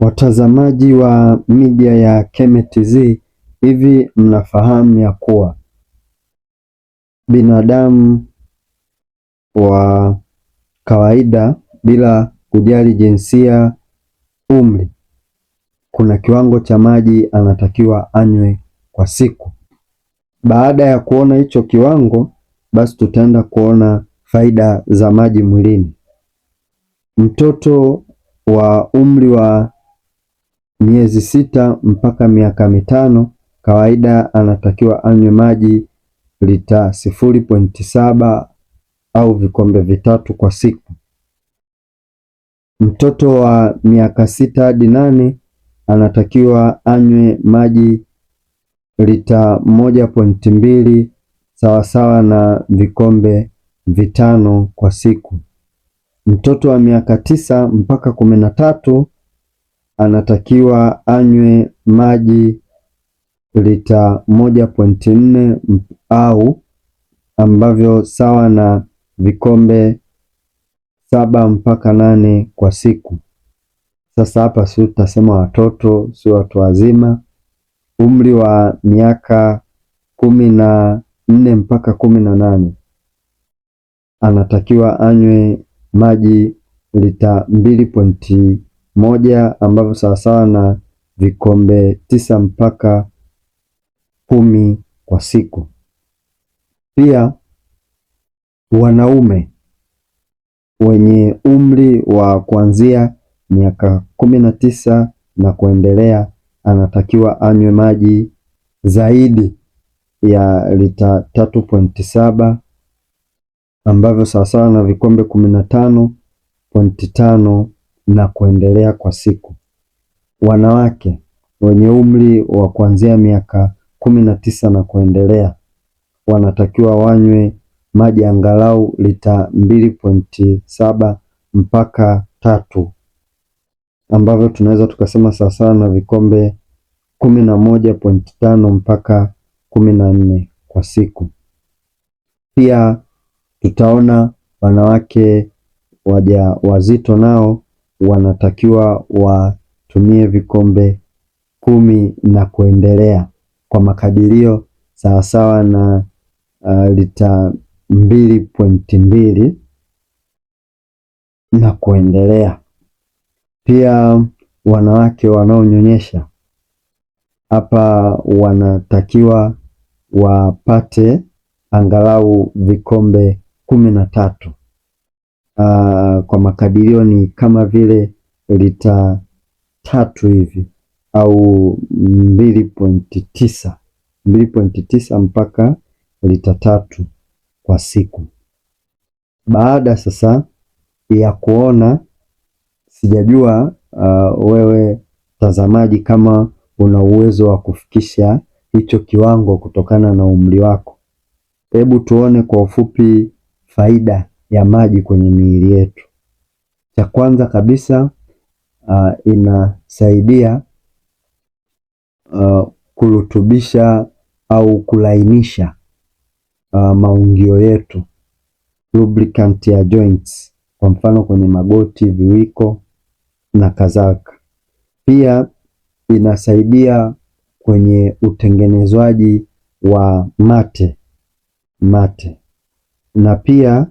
Watazamaji wa media ya Keme hivi mnafahamu ya kuwa binadamu wa kawaida bila kujali jinsia, umri, kuna kiwango cha maji anatakiwa anywe kwa siku. Baada ya kuona hicho kiwango, basi tutaenda kuona faida za maji mwilini. Mtoto wa umri wa miezi sita mpaka miaka mitano, kawaida anatakiwa anywe maji lita 0.7 au vikombe vitatu kwa siku. Mtoto wa miaka sita hadi nane anatakiwa anywe maji lita moja pointi mbili sawasawa na vikombe vitano kwa siku. Mtoto wa miaka tisa mpaka kumi na tatu anatakiwa anywe maji lita moja pointi nne au ambavyo sawa na vikombe saba mpaka nane kwa siku. Sasa hapa si tutasema watoto, si watu wazima. Umri wa miaka kumi na nne mpaka kumi na nane anatakiwa anywe maji lita mbili pointi moja ambavyo sawasawa na vikombe tisa mpaka kumi kwa siku. Pia wanaume wenye umri wa kuanzia miaka kumi na tisa na kuendelea anatakiwa anywe maji zaidi ya lita tatu pointi saba ambavyo sawasawa na vikombe kumi na tano pointi tano na kuendelea kwa siku. Wanawake wenye umri wa kuanzia miaka kumi na tisa na kuendelea wanatakiwa wanywe maji angalau lita mbili pointi saba mpaka tatu ambavyo tunaweza tukasema sawasawa na vikombe kumi na moja pointi tano mpaka kumi na nne kwa siku. Pia tutaona wanawake waja wazito nao wanatakiwa watumie vikombe kumi na kuendelea kwa makadirio sawasawa na uh, lita mbili pointi mbili na kuendelea. Pia wanawake wanaonyonyesha hapa wanatakiwa wapate angalau vikombe kumi na tatu uh, kwa makadirio ni kama vile lita tatu hivi au mbili pointi tisa mbili pointi tisa mpaka lita tatu kwa siku. Baada sasa ya kuona, sijajua uh, wewe mtazamaji kama una uwezo wa kufikisha hicho kiwango kutokana na umri wako. Hebu tuone kwa ufupi faida ya maji kwenye miili yetu. Cha kwanza kabisa uh, inasaidia uh, kurutubisha au kulainisha uh, maungio yetu, lubricant ya joints, kwa mfano kwenye magoti, viwiko na kadhalika. Pia inasaidia kwenye utengenezwaji wa mate mate, na pia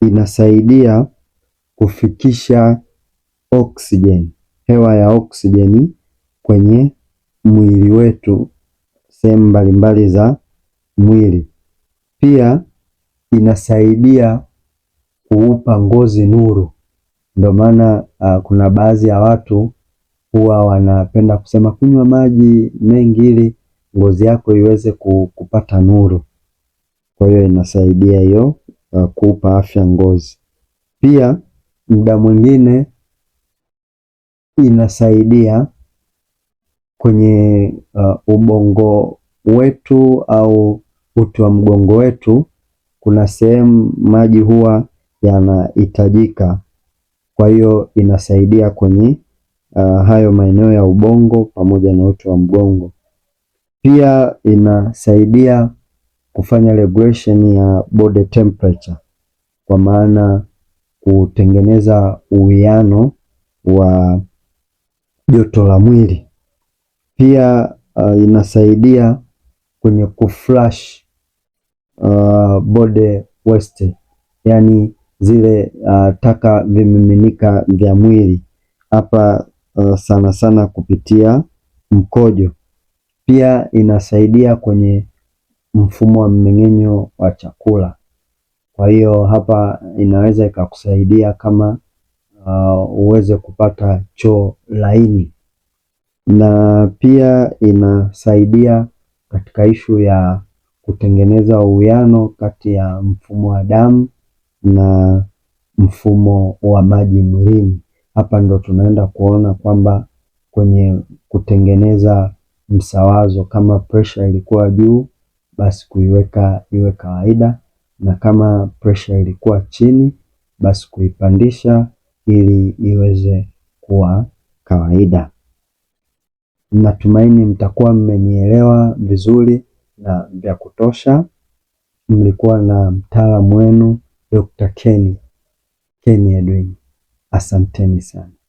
inasaidia kufikisha oksijeni, hewa ya oksijeni kwenye mwili wetu sehemu mbalimbali za mwili. Pia inasaidia kuupa ngozi nuru. Ndio maana uh, kuna baadhi ya watu huwa wanapenda kusema kunywa maji mengi ili ngozi yako iweze kupata nuru. Kwa hiyo inasaidia hiyo uh, kuupa afya ngozi. Pia muda mwingine inasaidia kwenye uh, ubongo wetu au uti wa mgongo wetu, kuna sehemu maji huwa yanahitajika. Kwa hiyo inasaidia kwenye uh, hayo maeneo ya ubongo pamoja na uti wa mgongo. Pia inasaidia kufanya regulation ya body temperature, kwa maana kutengeneza uwiano wa joto la mwili. Pia uh, inasaidia kwenye kuflush uh, body waste, yaani zile uh, taka vimiminika vya mwili hapa uh, sana sana kupitia mkojo. Pia inasaidia kwenye mfumo wa mmeng'enyo wa chakula. Kwa hiyo hapa inaweza ikakusaidia kama uh, uweze kupata choo laini, na pia inasaidia katika ishu ya kutengeneza uwiano kati ya mfumo wa damu na mfumo wa maji mwilini. Hapa ndo tunaenda kuona kwamba kwenye kutengeneza msawazo, kama presha ilikuwa juu basi kuiweka iwe kawaida, na kama pressure ilikuwa chini, basi kuipandisha ili iweze kuwa kawaida. Natumaini mtakuwa mmenielewa vizuri na vya kutosha. Mlikuwa na mtaalamu wenu Dr. Ken, Ken Edwin. Asanteni sana.